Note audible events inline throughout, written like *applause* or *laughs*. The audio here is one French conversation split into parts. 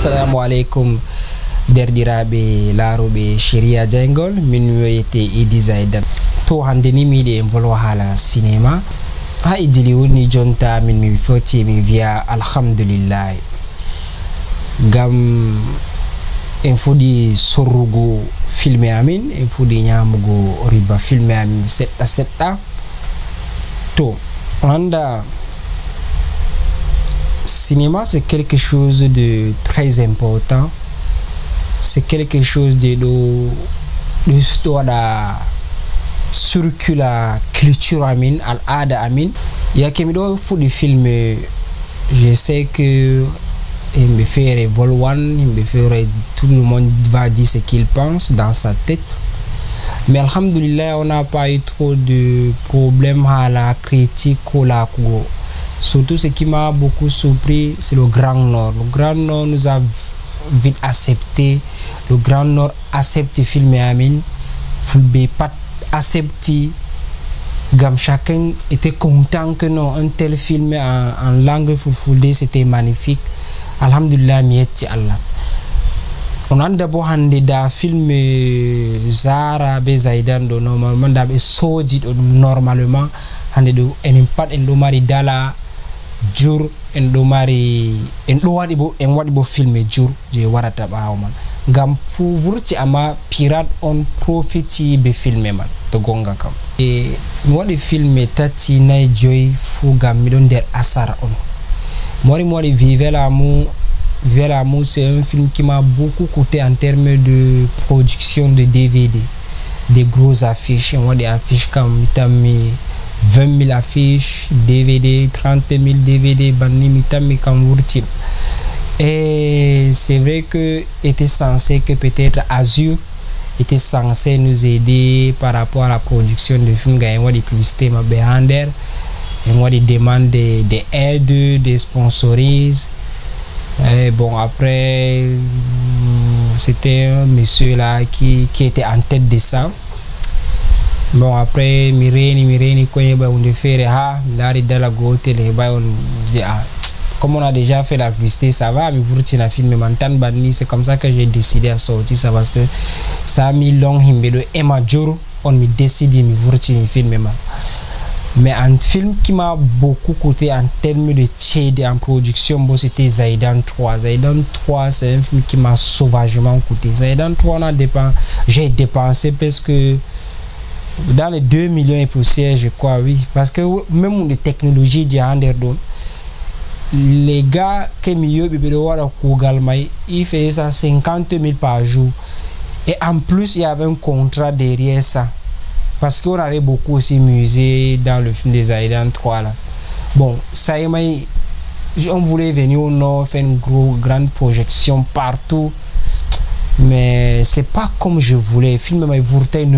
assalamu aleykum derɗiraɓe laaroɓe shéria diaygol min wiyete idisaidan to hande ni miyiɗe en volwa haala cinéma ha idili woni jonta min mi foti min wiya alhamdulillah gam en fuɗi sorrugo filme amin en fuɗi ñamugo riba filme amin seɗɗa seɗɗa to anda cinéma, c'est quelque chose de très important. C'est quelque chose de, de, de, la culture amine. al-ada amin. Ya kemi do des film je sais que me one, il me tout le monde va dire ce qu'il pense dans sa tête mais alhamdulillah on n'a pas eu trop de problèmes à la critique ou la cour Surtout ce qui m'a beaucoup surpris, c'est le Grand Nord. Le Grand Nord nous a vite accepté. Le Grand Nord accepte Film et ne Fulbe pas accepté. chacun était content que non, un tel film en, langue foufoudée. c'était magnifique. Alhamdulillah, Allah. on a d'abord un film euh, zara normalement d'abord normalement hande ɗo enen pat en mari dala jur en ɗo mari en ɗo waɗi bo en waɗi bo filme jur je warata ɓawo man ngam fu vurti on profiti be filme man to kam e tati on c'est un film qui m'a beaucoup coûté en termes de production de dvd des gros affiches en waɗi affiche kam mi 20 000 affiches, DVD, 30 000 DVD, Banimita Et c'est vrai que était censé que peut-être Azure était censé nous aider par rapport à la production de films, gagner des publicités, ma et moi des demandes des de aides, des sponsorises. bon, après, c'était un monsieur là qui, qui était en tête de ça bon après mi reeni mi reeni koye ɓay hunde ha mi dala e ɓay on ah comme on a déjà fait la publicité ça va mi na film man tan ni c'est comme ça que j'ai décidé à sortir ça parce que ça mi long himbe do ema joro on mi décidé mi vurtini film man mais un film qui m'a beaucoup coûté en termes de et en production, bon, c'était Zaidan 3. Zaidan 3, c'est un film qui m'a sauvagement coûté. Zaidan 3, on a dépensé, j'ai dépensé parce que dans les 2 millions et poussière je crois, oui. Parce que même les technologies de Underdome, les gars qui milieu ils faisaient ça 50 000 par jour. Et en plus, il y avait un contrat derrière ça. Parce qu'on avait beaucoup aussi musé dans le film des Aïdans 3. Là. Bon, ça y est, on voulait venir au nord, faire une gros, grande projection partout mais c'est pas comme je voulais. Le film mai vurta une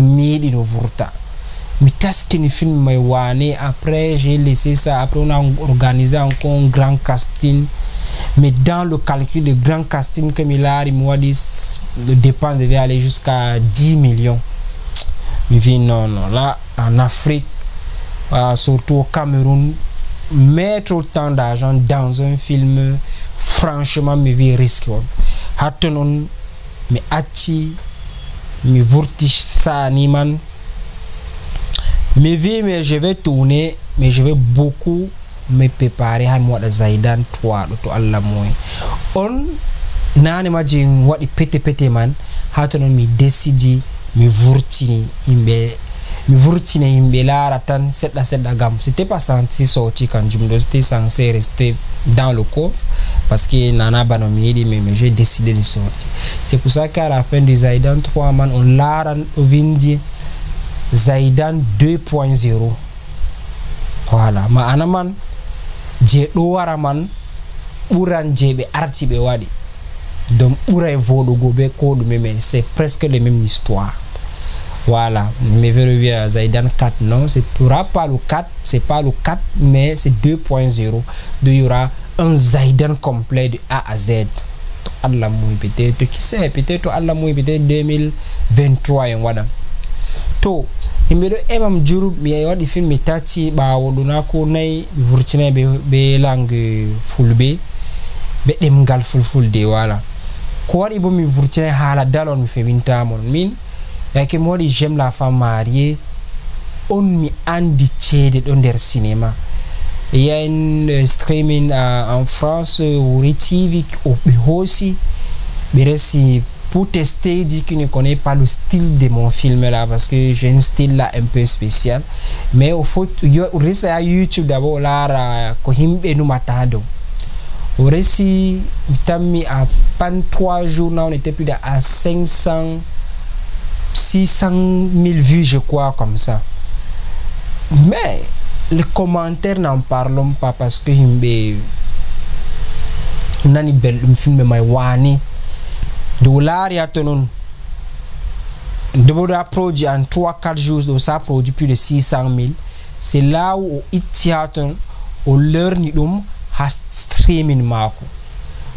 mais qu'est-ce qu'il film, wane Après, j'ai laissé ça. Après, on a organisé encore un grand casting. Mais dans le calcul, de grand casting que il a dit, le dépense devait aller jusqu'à 10 millions. Mais dit non, non. Là, en Afrique, euh, surtout au Cameroun, mettre autant d'argent dans un film, franchement, me vie risque. Attendons mais Achi, mais Vurtish Saniman. Me vie, mais je vais tourner, mais je vais beaucoup me préparer à de zaidan towaɗo to allah on na je what me pete pete man me me non mi me mi vurtini imbe mi ratan set la tan gam c'était pas senti sorti me disais c'était censé rester dans le coffre parce que nana vais mi mais mais j'ai décidé de sortir. c'est pour ça qu'à la fin du zaidan 3 man on l'a zaidan 2.0 voilà ma man je ɗo man ɓuran je ɓe arti donc ɓuray voɗugo be ko c'est presque le même histoire voilà mais à zaidan 4 non c'est pourra pas le 4 c'est pas le 4 mais c'est 2.0 de il y aura un zaidan complet de a à z allah muy peut-être qui sait peut-être allah muy peut-être 2023 en wadam to yimɓeɗo emam jur mi waɗi fin mi tati ɓawo ɗona ko nayi mi vurtinai be langue fulɓe ɓe ɗemgal fulfulde wala ko waɗi bo mi vurtinai haala dal on mi fewintamon min yake mi waɗi jeme la femme marié on mi andi ceede ɗo nder cinéma yen eh, streaming ah, en france wuri tv ɓe hoosi ɓe resi pour tester, dit qu'il ne connaît pas le style de mon film là parce que j'ai un style là un peu spécial. Mais au faut, reste à YouTube d'abord là, kohim et nous matado. Au récit, mis à pan trois jours, là, on était plus à 500, 600 000 vues, je crois, comme ça. Mais les commentaires n'en parlons pas parce que Himbe. Nani bel film mais wani du ya tenun Deboda produit en 3-4 jours, donc ça produit plus de 600 000. C'est là où itiatun o learni ɗum ha streaming maako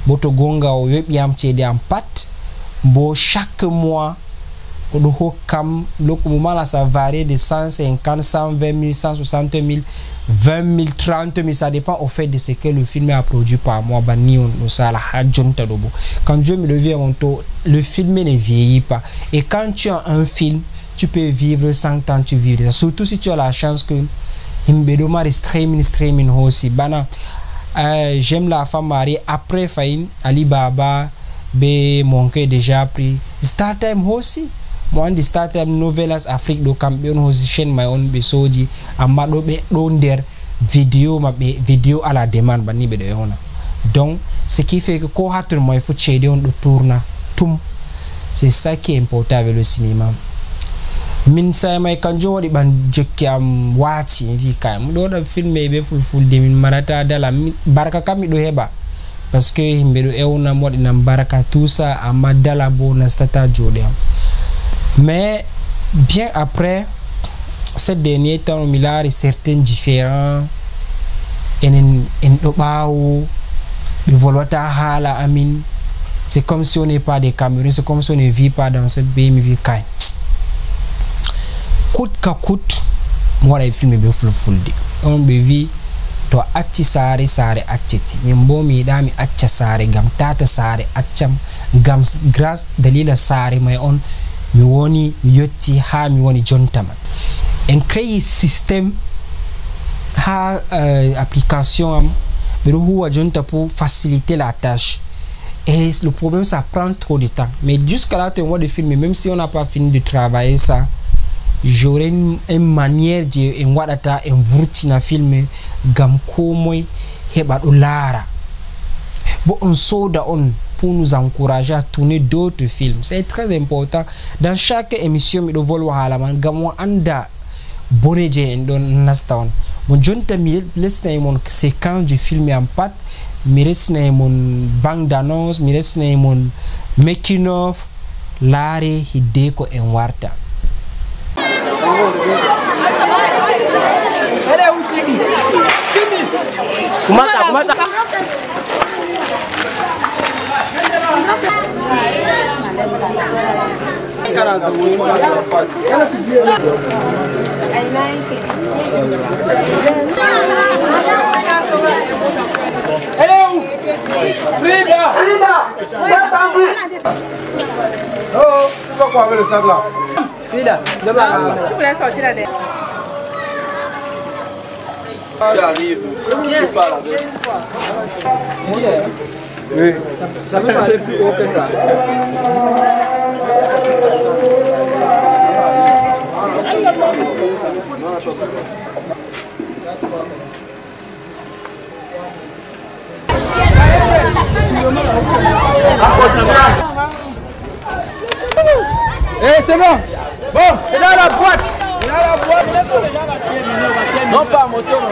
boto gonga o yoɓiyam ceede am pat bo chaque mois oɗo hokkam lokku mo mala sa varié de 150 120 000 160 000 20 000, 30 000, ça dépend au fait de ce que le film a produit par moi. Bah, quand je me levais à mon tour, le film ne vieillit pas. Et quand tu as un film, tu peux vivre 100 ans, tu vivres. Surtout si tu as la chance que Himbedoma streaming, streaming aussi. Bana, euh, j'aime la femme mariée après Fahim, Alibaba B, mon déjà pris. start Time aussi. mo andi startime novelas afrique ɗo kamɓe on hosi chaine may on ɓe soodi amma ɗo ɓe ɗo nder vidéo maɓɓe vidéo ala demande banni ɓe ɗo ewna donc ce qui fait que ko hattun moye fo ceede on ɗo tourna tum c'est ça qui est important avec le cinéma min saye may kanjum waɗi ɓan jokki am waati wi kay miɗo waɗa filme ɓe fulfulde min marata dala barka kam miɗo heɓa par ce que himɓe ɗo ewnam waɗinam barka tout ça amma dala bo nastata jooɗe am Mais bien après, ces derniers temps, il a certains différents. C'est comme si on n'est pas des Camerounais, c'est comme si on ne vit pas dans cette pays, mais vit quand coûte que coûte, moi, les films, je suis On vit to acci s'are s'are dami, gam tata s'are gam grâce dalila s'are may on mi woni mi yetti ha mi woni jontama en créi systéme ha euh, application am um, ɓeɗo huwa jonta pour faciliter la tâche et le problème ça prend trop de temps mais jusqu'à là to en waɗi filme même si on n'a pas fini de travailler ça j'aurai une, manière je en waɗata en vurtina filme gam komoye heɓa ɗo laara bo on soda on pour nous encourager à tourner d'autres films. C'est très important. Dans chaque émission, je volwa vous man ngam o annda bone je en ɗon Mon on bon mi resnai e mon séquence du film en pat mi resnai e mon banque d'annonce. annonce mi resnai e mon making of Hideko hidde ko en warta kana son wani ma Hello! Frida! Frida! Oh, suka kwa vile sala. Frida, jaba Allah. Chukula sawa shida de. J'arrive. Je parle avec. Mulher. Oui. Ça peut faire plus haut que ça. Eh, c'est bon Bon, c'est dans la boîte la boîte Non, pas moto, non.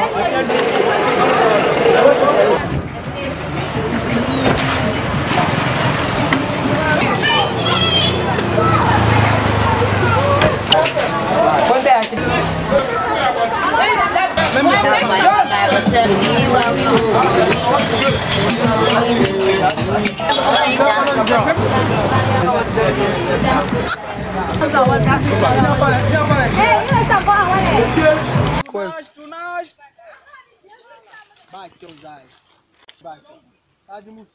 Vai, teu Zai. Vai. Tá de música.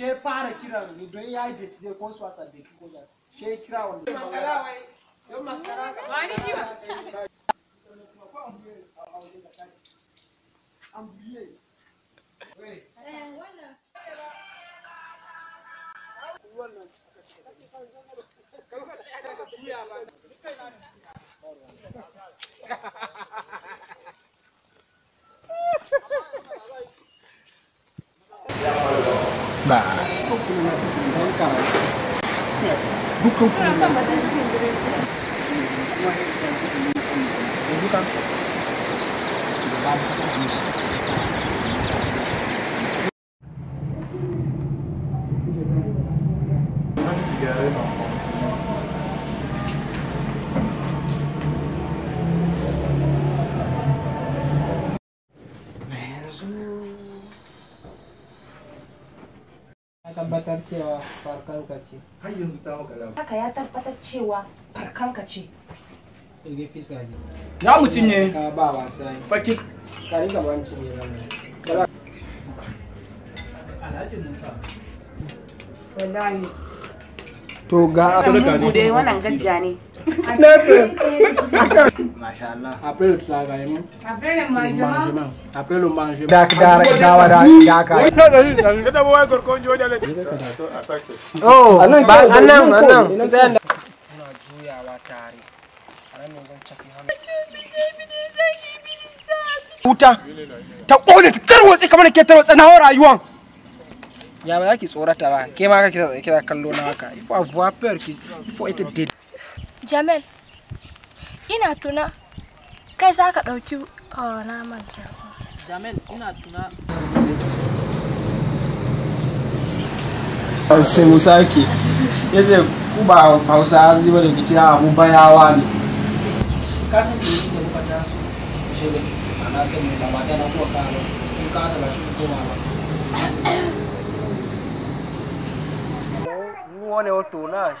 she fara kiran ni don ya yi deside ko su wasa da ko da she kira wanda maskara wai don maskara ka ba ni shi ba Yeah. *laughs* 不哭不闹，不生气。不哭不闹，不生气。你干？tabbatar cewa farkanka ce har yanzu ta maka lafiya haka ya tabbatar cewa farkanka ce Ege fi ne. Ya mutum ne. Ka ba wasa ne. Fakik. Ka riga wanci ne nan. Alhaji Musa. Wallahi. To ga. a mugu dai wannan gajiya ne. Après le travail, après le mangement, après le mangement. Dak dara dawa da daka. Kada bawa gorkon joja le. Oh, anan ba anan anan. Ina juyawa tare. Ran ne zan cafi hannu. Wuta ta kone ta tarwatse kamar ke tarwatse na rayuwan. Ya ba za ki tsorata ba, ke ma ka kira kallo na haka. Ifo avoir peur, il faut être Jamil, ina tuna kai za ka ɗauki man Jamil, ina tuna. Sai Musa ke, yadda ku ba hausa asali ba da ku cewa abu bayawa ne. Ka san da yake da kuka taso, ku shi da ana san mu ba mata na kuwa ka ba, kun ka ka ba shi ku koma ba. Wone o tunash.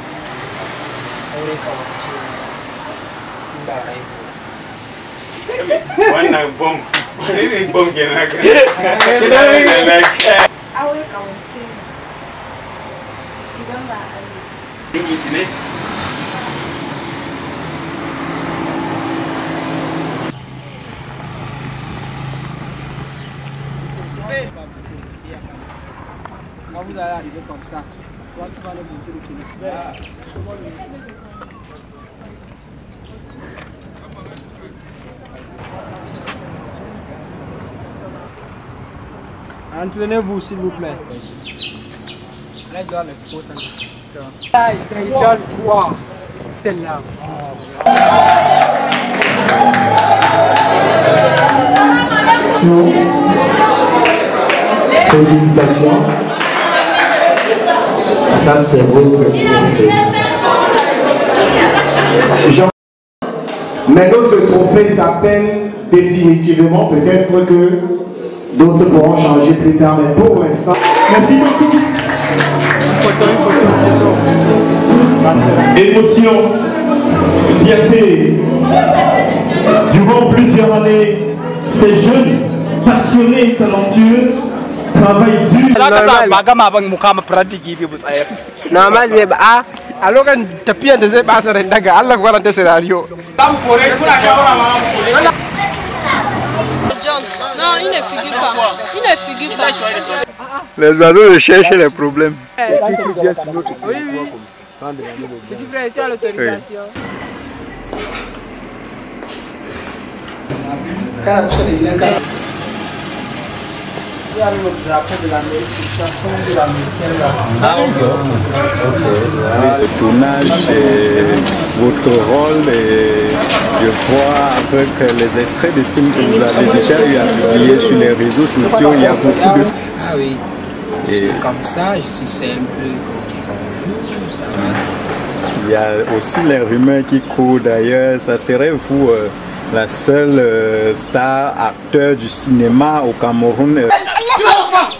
wannan bom irin bom ke na ka aure kawance idan ba a yi ne Kamu dah ada di depan sah. Waktu mana mungkin kita. Entraînez-vous, s'il vous plaît. C'est dans 3. c'est la Félicitations. Ça, c'est votre trophée. Mais notre trophée s'appelle définitivement peut-être que D'autres pourront changer plus tard, mais pour l'instant. Merci beaucoup. Émotion, fierté. Durant plusieurs années, ces jeunes passionnés et talentueux travaillent dur. Normal ne ba a lokacin tafiyan da zai ɓata daga Allah kwaranta scenario. Non, il ne figure pas. Il ne figure pas. Les oiseaux recherchent les problèmes. Oui, oui. Petit frère, tu as l'autorisation. Oui. Il y a le drapeau de l'Amérique, le de l'Américaine. Ah, ok. okay. Le tournage, votre rôle, et je vois avec les extraits des films que vous avez déjà eu à publier sur les réseaux sociaux, il y a beaucoup de. Ah oui, je suis comme ça, je suis simple, comme bonjour, ça va. Il y a aussi les rumeurs qui courent d'ailleurs, ça serait vous. Euh, la seule euh, star acteur du cinéma au Cameroun. Euh, Silence,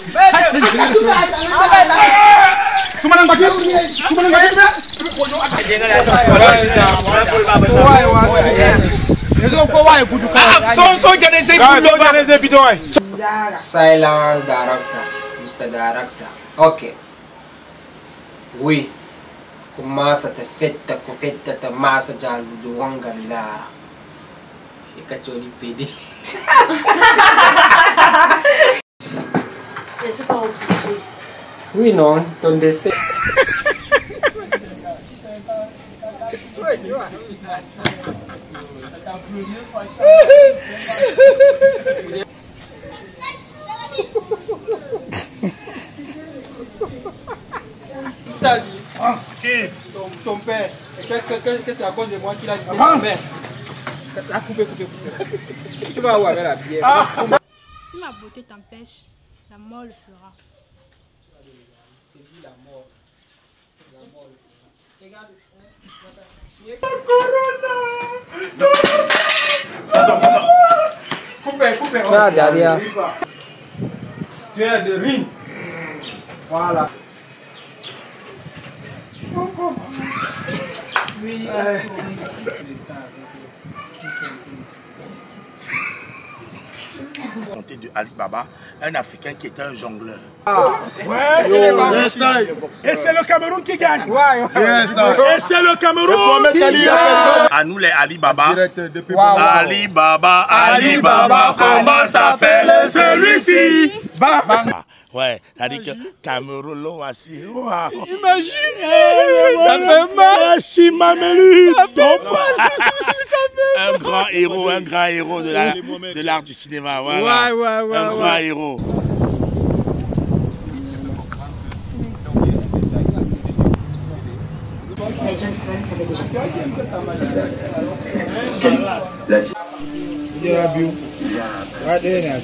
director. Mr. Director. Ok. Oui. Comment te te masse, jalu c'est PD. Je suis pas Oui, non, ton destin. T'as dit, ton, ton père, qu'est-ce c'est à cause de moi qu'il a dit tu vas où la bière Si ma beauté t'empêche, la mort le fera. C'est lui la mort. La mort le fera. Regarde. Corona Coupez, Là, ah, derrière. Tu es de ring. Voilà. Oui, eh. Conté de Alibaba, un Africain qui était un jongleur. Ah. Et c'est le Cameroun qui gagne. Et c'est le Cameroun qui gagne. À nous les Alibaba. Alibaba, Alibaba, comment s'appelle celui-ci ah. Ouais, t'as dit que Cameroun Imagine Ça fait mal *laughs* Un grand héros, un grand héros de l'art du cinéma, voilà. Ouais, ouais, ouais, un grand héros.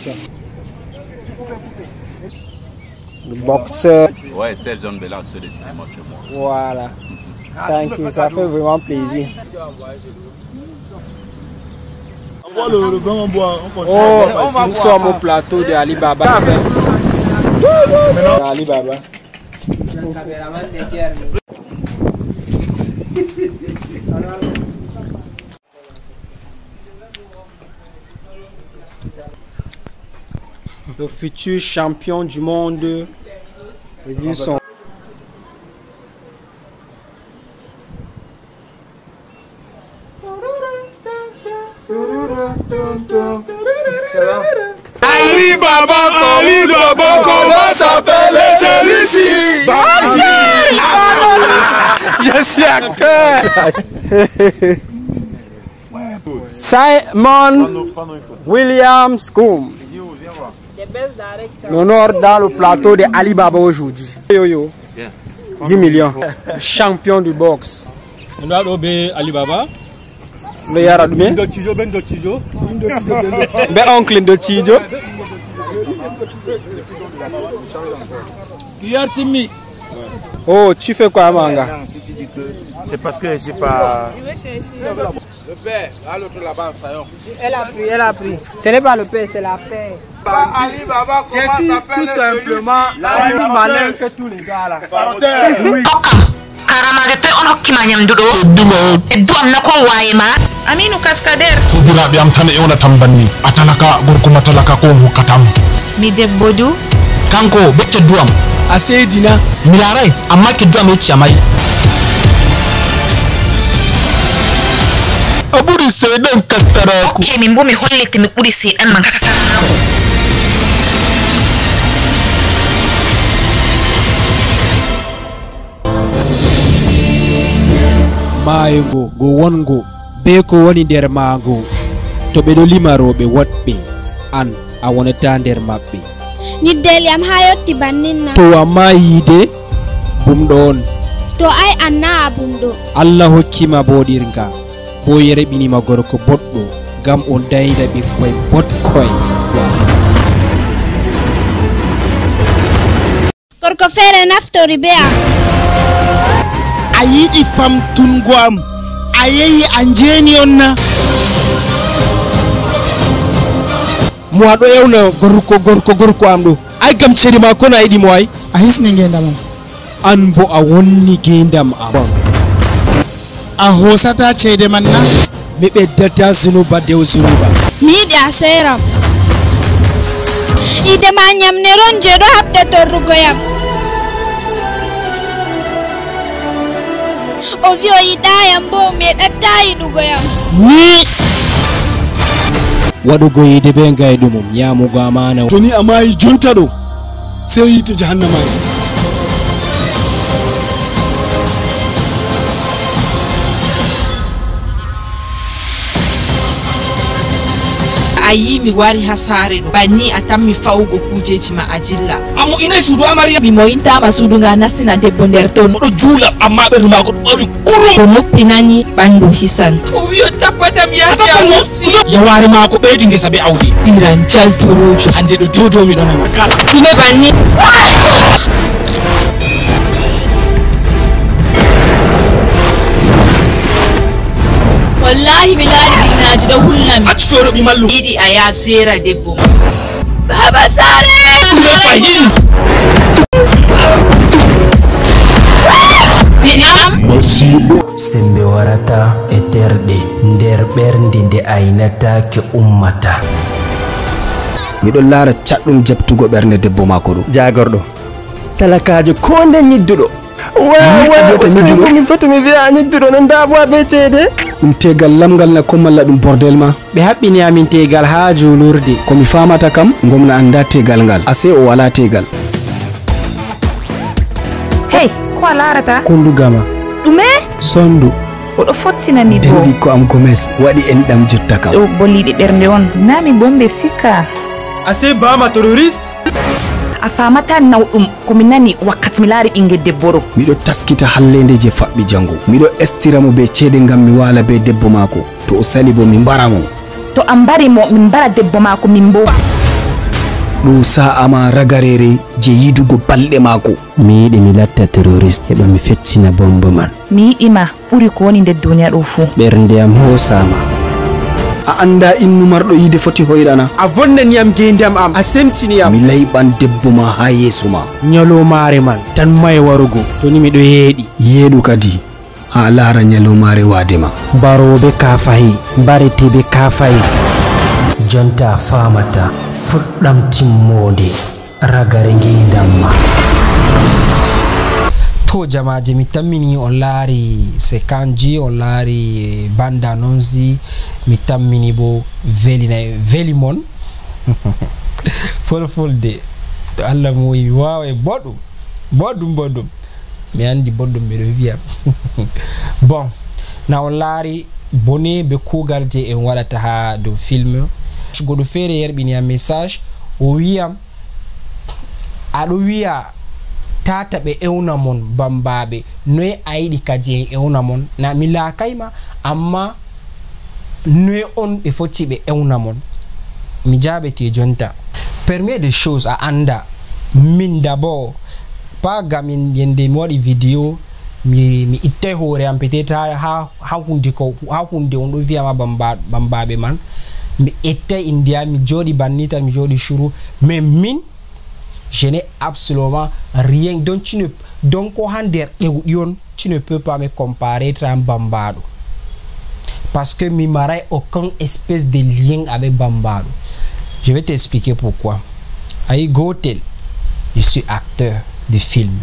La le boxeur. Ouais, Serge John Belland, moi c'est moi. Voilà. Thank you, ça fait vraiment plaisir. On le, le on on continue. Oh, nous sommes au plateau de Ali Baba. Ali Baba. le futur champion du monde Wilson. Ali Baba, Ali Baba, comment s'appelle celui-ci Je suis acteur Simon Williams Scoom. L'honneur dans le plateau de alibaba aujourd'hui. Yo yo. 10 millions. Champion du boxe. On a l'obé Alibaba. Le yara oncle Oh, tu fais quoi, manga C'est parce que je pas. Le père, à l'autre là-bas, Elle a pris, elle a pris. Ce n'est pas le père, c'est la paix. Ali Baba, comment s'appelle tout simplement la même malin que tous les gars là. Oui. wayema aminu cascadere sodiraɓe am tan e banni a talaka gorkoma talaka ko on mi debbo du kanko becco duwam a seydina mi amma keddu am mukuri sedan kastaraku okay min bumi holliti mukuri sedan man kasasaraku maayo go wongo be ko woni nder maago to be ɗo lima rooɓe woɗɓe an a wonata nder maɓɓe yiddeli am ha yetti bannin na to amma yiide bumɗo to ai anna a bumɗo allah hokkima boɗirga bo yereɓinima gorko gam o dayda bot koy gorko fere naftori be am di fam famtungo am a anjeni onna mo ado ewna gorko gorko gorko am ɗo ay gam ceeri ma kono ayi di mo ay a hisni gendam an bo a wonni gendam am ahosata sata ceede manna, mi beddata zunuba dow zunuba mi yiɗi a seeram ide ma ñamnere on je ɗo haɓda torrugoyam o wi o yiɗayam bo datta meɗatta yiɗugoyam ni waɗugo yide be ngaydum nyamugo amana to ni amayi junta sey a yi mi wari ha saare ɗo banni a tan mi fawugo kujeji ma a dilla a moyinay suudu amariya mi moyintama suuduga nastina debbo nder ton oɗo juula amma ɓerdu maako ɗo ɓawi kurum to moftinani ɓandu hisan o wiya tabbatam yaaɗi yaware maako ɓeydi gesa be awdi ɓiran jaltorojo hande ɗo dowdowmiɗo nana kala ɗume banni wallahi bilal din na ji da hullan a cikin rubi mallu idi a ya sera debbo baba sare fahim sembe warata e terɗe nder ɓernde nde aynatake ummata miɗon laara catɗum jabtugo ɓernde debbo maako ɗo jagorɗo talakajo ko nde ñidduɗo wawa mi foti mi wiya ñidduɗo no ndaboa be ceede ɗum tegal lamgal na ko malla ɗum bordel ma ɓe haɓɓini amin tegal ha julurde komi famata kam gomna anda tegal ngal ase o wala tegal hey ko a larata kundugama ɗume sondu oɗo fottinami dendi ko am gomes waɗi enɗam jotta kam ɗo bolliɗe ɓernde on nami bombe sikka ase bama terroriste afamata famata nawɗum komi nani wakkati mi laari ɓinguel debbo miɗo taskita hallende je faɓɓi janggo miɗo mo be ceede ngam mi wala be debbo maako to o sali bo mi mbaramo to a mo min mbara debbo maako min bo ɗum sa'ama ragarere je yidugo balɗe maako mi yiɗi mi latta terroriste heɓa mi fettina bombo man mi yiɗima ɓuri ko woni nder duniya ɗo fuu ɓernde am hosama a anda innu marɗo yide foti hoyrana a bonnan yam gendam am a niyam. mi layɓan debbo ma ha yeeso ma nyalomare man tan may warugo toni miɗo yeeɗi yeeɗu kadi ha laara nyalomare waade ma baroɓe kafayi bareteɓe kafayi jonta famata fuɗɗam timmode ragare ngendam ma to jamaje mi tammini on laari secanji on laari banda nonzi mi tammini bo velina veli mon *laughs* fulfulde to allah muyi mi wawa boɗum boɗum boɗum mi andi boɗɗum mbiɗo wiya *laughs* bon na on laari bone be kugal je en waɗata ha dow film goɗo feere yerɓiniyam message o wiyam aɗo wiya tata ɓe ewna mon bambaɓe noye a yiɗi kadi en ewna mon na mi laakayma amma noye on ɓe foti ɓe ewna mon mi jaɓete jonta premier de chose a anda min dabord pa gamin yende mi waɗi vidéo mi ittai hoore am peut-être ha hundeko ha hunde on ɗo wiyama bambaɓe man mi ettai india mi joɗi banni tan mi joɗi shuru mais min je n'ai absolument rien. Donc, tu ne, donc, tu ne peux pas me comparer à un Bambado. Parce que je n'ai aucun espèce de lien avec Bambado. Je vais t'expliquer pourquoi. Aïe Gotel, je suis acteur de film.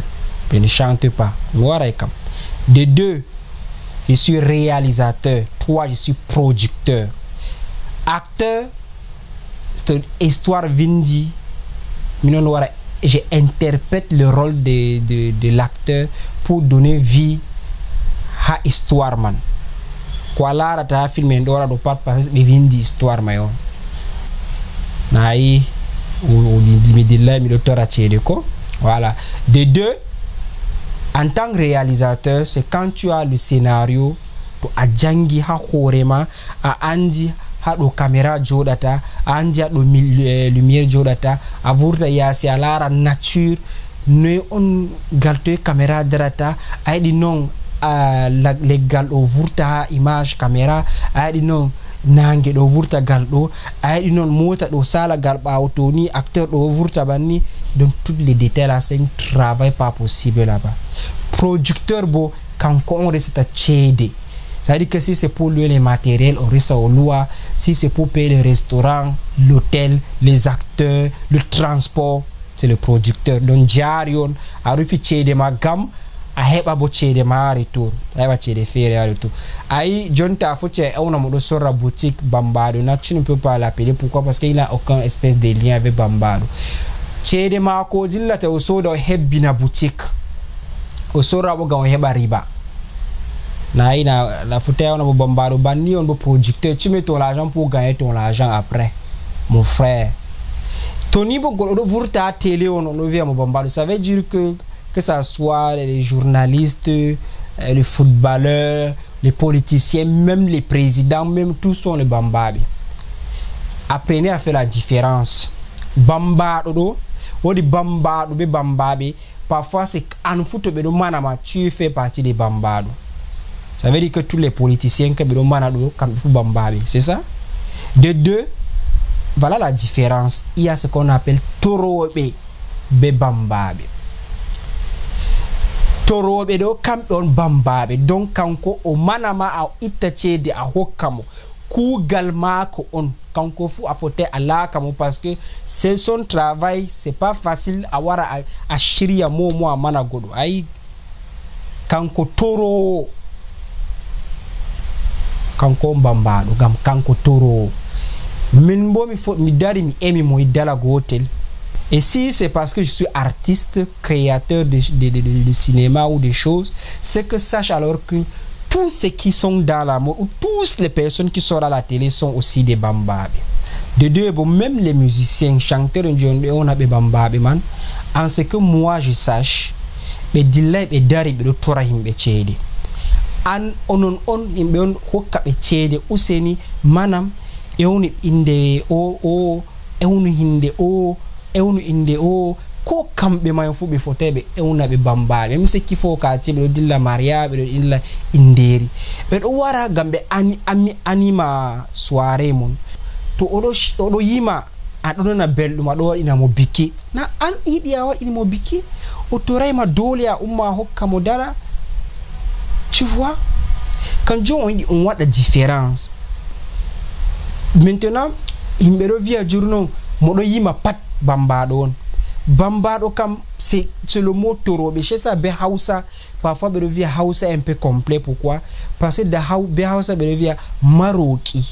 Je ne chante pas. De deux, je suis réalisateur. Trois, je suis producteur. Acteur, c'est une histoire vindi mi wara le rôle de, de, de l'acteur pour donner vie à histoire man ko a filmé ha film en ɗo waɗa ɗo pat parce ɓe windi histoire may on dit mi mais miɗo a tiré quoi? voilà de deux en tant que réalisateur c'est quand tu as le scénario to a jangi ha korema a andi haɗo caméra joɗata a andi haɗo eh, lumiére joɗata a vurta yaasi a laara nature noyi on gal toye caméra darata ayiɗi non leggal ɗo vurta ha image caméra ayiɗi non nange ɗo vurta gal ɗo ayiɗi noon mota ɗo sala gal ɓawo toni acteur ɗo vurta banni don tout les détail a sen travail pas possible là bas producteur bo kanko on resata ceede C'est-à-dire que si c'est pour louer les matériels, on risque au loi. Si c'est pour payer le restaurant, l'hôtel, les acteurs, le transport, c'est le producteur. Donc, diarion, a refusé de ma gamme. a heba bo ceede ma retour a heɓa ceede feere ha retour ayi jonta a foti a ewna sorra boutique na pas l'appeler. pourquoi parce qu'il a aucun espèce de lien avec bambaɗo ceede maako o dillata o sooda hebbina boutique o sorra bo gam o heɓa riba na la na na fauteuil wana tu mets ton argent pour gagner ton argent après mon frère toni bogodo à télé on no via mobambari ça veut dire que que ça soit les journalistes euh, les footballeurs les politiciens même les présidents même tous sont les bambabi apprenez à faire la différence Les do wodi be parfois c'est en foot be do manama tu fais partie des bambado ça veut dire que tous les politiciens qui c'est ça De deux, voilà la différence. Il y a ce qu'on appelle torobe be bambabe. toroɓe do kamɓe on bambaɓe donc quand on manama a itta de ahokamo, Kugalma on kanko fuu a fotai à la kamo parce que c'est son travail c'est pas facile à wara a shirya mo mo a Quand on kanko Torobe kanko mbambaɗo gam kanko torowo min bo mi mi dari mi emi mo e dala gotel et si c'est parce que je suis artiste créateur de, de, de, de, cinéma ou des choses c'est que sache alors que tous ceux qui sont dans l'amour ou tous les personnes qui sont à la télé sont aussi des bambabes de deux bon même les musiciens chanteurs on a des bambabes man en ce que moi je sache mais dilla et dari do tora himɓe an onon on yimɓe on hokka ɓe ceede useni manam ewnu inde o o ewnu hinde o ewnu inde o ko kamɓe may fuu ɓe fotai ɓe ewna ɓe bambaɓe mi sikki fo kati ɓeɗo dilla maria ɓeɗo dilla indeeri ɓeɗo wara gam ɓe ani, ami, anima soire mon to oɗo yima aɗo nana belɗum aɗo waɗinamo biki na an yiɗi a waɗinimo biki o torayma dole a umma hokka mo dala tu vois kanjum on yiɗi on waɗa différence maintenant yimɓe ɗo wiya jurno moɗo yima pat bambaɗo on bambaɗo kam c'est le mot toroɓe che ça be hausa parfois ɓeɗo wiya hausa un peu complet pourquoi parce que be hausa ɓeɗo wiya maroki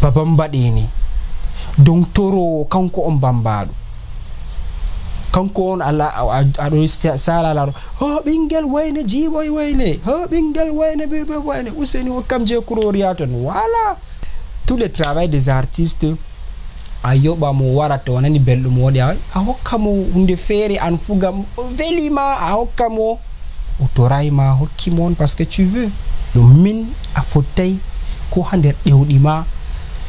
babambaɗeni donc toro kanko on bambaɗo kanko on ala aɗo sala laaɗo ho ɓinguel wayne jiiɓoye wayne ho ɓinguel wayne bebe wayne useni hokkam je kuroriya ton wala tout le travail des artistes a yoɓa mo wara to nani belɗum a a hokka mo hunde feere an fu gam o welima a hokka mo o torayma hokkimo on par ce que tu veux ɗum min a fottay ko ha nder ɗewɗi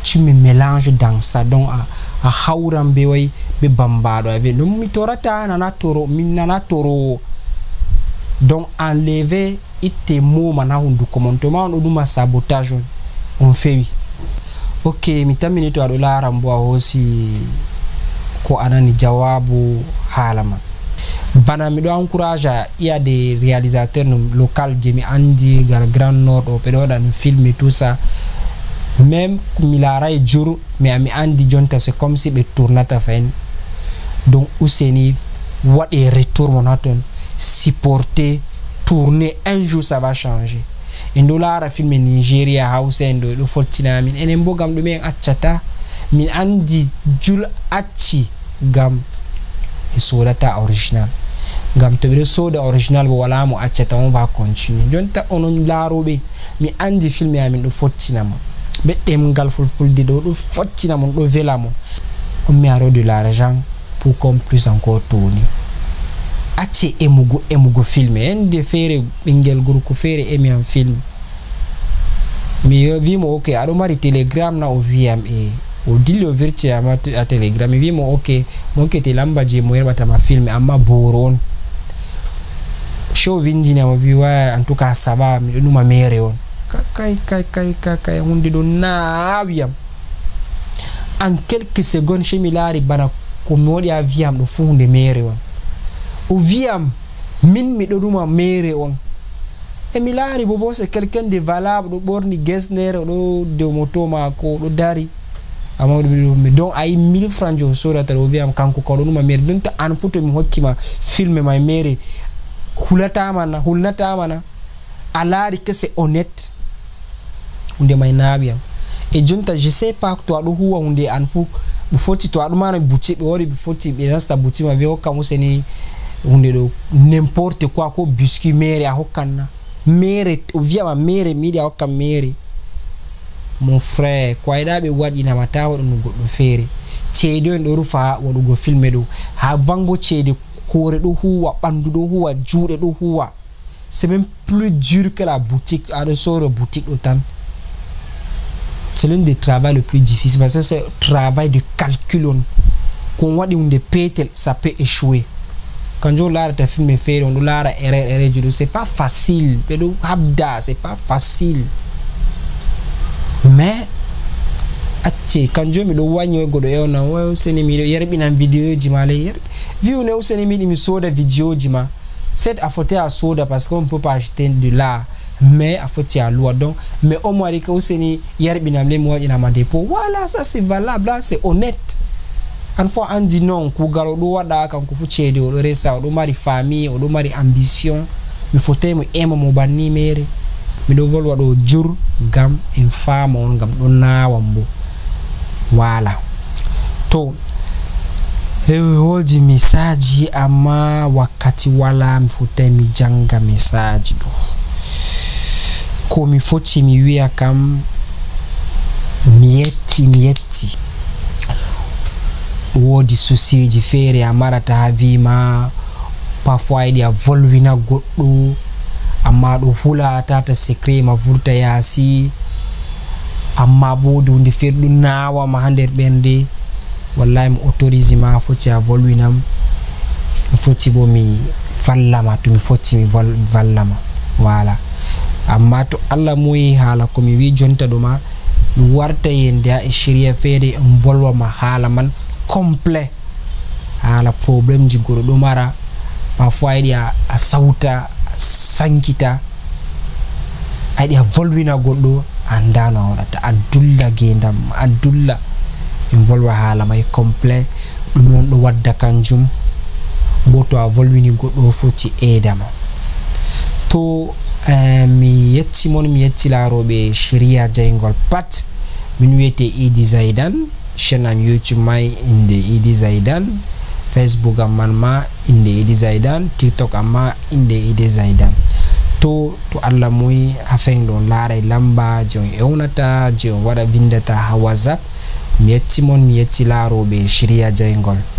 tu me mélange dans sa don a a hawran be way be bambaɗo ave non mi torata nana toro min nana torowo donc enlevé itte moma na hunduko mon ma on ɗo sabotage on on fewi ok mi tammini to aɗo laran bo a hosi ko anani jawabu haala man bana miɗo encourage a de réalisateur no local je mi andi gal grand nord o ɓeɗo waɗa no filme tout ça même mi laray jur mais ami andi jonta c'est comme si ɓe tournata fayin donc useni waɗe retour mon supporter ton tourner un jour ça va changer en e e e ɗo laara nigeria nigéria hausa en ɗo ɗo fottinamin enen bo gam ɗume en accata min andi jul acci gam e sodata original gam to ɓeɗo soda original bo wala mo accata on va continuer jonta onon laaroɓe mi andi filme amin ɗo fottinama be ɗemgal fulfulde ɗo ɗo fottina mon ɗo vela mon on mi aro de l'argent pour comme plus encore toni acce emugo emugo filme ende feere ɓingel gorko feere emi am film mi wimo ok aɗo mari télégram na o wiyam e o dilli o virti ama a télégram mi wimo ok monkete lamba je mo yerɓatama film amma boro on show vindinama wi waya en tout cas saba miɗo numa mere on kakay kay kay kakay hunde ɗo naawiyam en quelque seconde chemi laari bana ko mi waɗi a wiyam ɗo fuu hunde mere on o wiyam min miɗo ɗuma mere on emi laari bo bo c' e quelqu'un de valable ɗo ɓorni guesnere oɗo de moto maako ɗo dari amma ɗumi donc ayi mille franc jo sodata ɗo wiyam kanko kaw ɗo ɗuma mere donc an fo to mi hokkima filme may mere hulatamana hulnatamana a laari kese honnête hunde may naawi yam e jonta je sais pas to aɗo huwa hunde an fu ɓe foti to aɗo mana bouti ɓe wari ɓe foti ɓe nasta bouti ma ɓe hokkam useni hunde ɗo n'importe quoi ko biscuit mere a hokkanna mere o wiyama mere mi yiɗi a hokkam mere mon frère ko ayiɗa ɓe waɗinama ta waɗono goɗɗo feere ceede on ɗo rufa waɗugo filme ɗo ha vango ceede hoore ɗo huwa ɓandu ɗo huwa juuɗe ɗo huwa c'est même plus dur que la boutique aɗo soro boutique ɗo tan c'est l'un des travaux le plus difficile parce que c'est un travail de calcul. Quand on pétales, ça peut échouer. Quand on l'arrête fait, film fait, on lara je ne c'est pas facile. c'est pas facile. Mais acce kanjum miɗo wañi goɗo ewna seni miɗo yerɓinan vidéoji ma ley viune seni miɗi mi soda vidéo ma c'est à faute à soda parce qu'on peut pas acheter de l'art mais à faute ya loi donc mais au moins que useni hier binamle moi ina mandepo voilà ça c'est valable c'est honnête an fois an di non kugal oɗo waɗa kanko fu ceede oɗo resa oɗo mari famille oɗo mari ambition mi fotai mo ema mo banni mere miɗo volwa ɗo jur gam en fama on gam ɗo nawan bo wala to woodi message amma wakkati wala mi mi janga message komi fo mi wiya kam yetti mi yetti woodi susiji feere a marata ha ma parfois yiɗi a volwina goɗɗo amma ɗo hula tata secret ma vurta yaasi amma bo wodi hunde feere ɗum nawama ha nder ɓernde wallahi mi autorise ma foti a volwinam mi foti bo mi vallama tomi foti mi vallama voilà amma to allah muyi haala komi wi jonta ɗuma warta yende ha e chiria feere en volwama haala man complet haala probléme ji goɗo ɗomara parfois ayiɗi a sawta a sankita ayiɗi a volwina goɗɗo annda no awaɗata a dulla gendam a dulla en volwa haala may complet ɗum on ɗo wadda kanjum bo to a volwini goɗɗo foti aidama to Eh, mi yettimon mi yetti laaroɓe shiria jayngol pat min wiyete idi zaidan chaine am youtube may inde idi zaidan facebook am man ma inde idi zaidan tiktok am ma inde idi zaidan to to allah muy ha feng ɗon laaray lamba je on ewnata je on waɗa windata ha whatsapp mi yettimon mi yetti laaroɓe shiria jayngol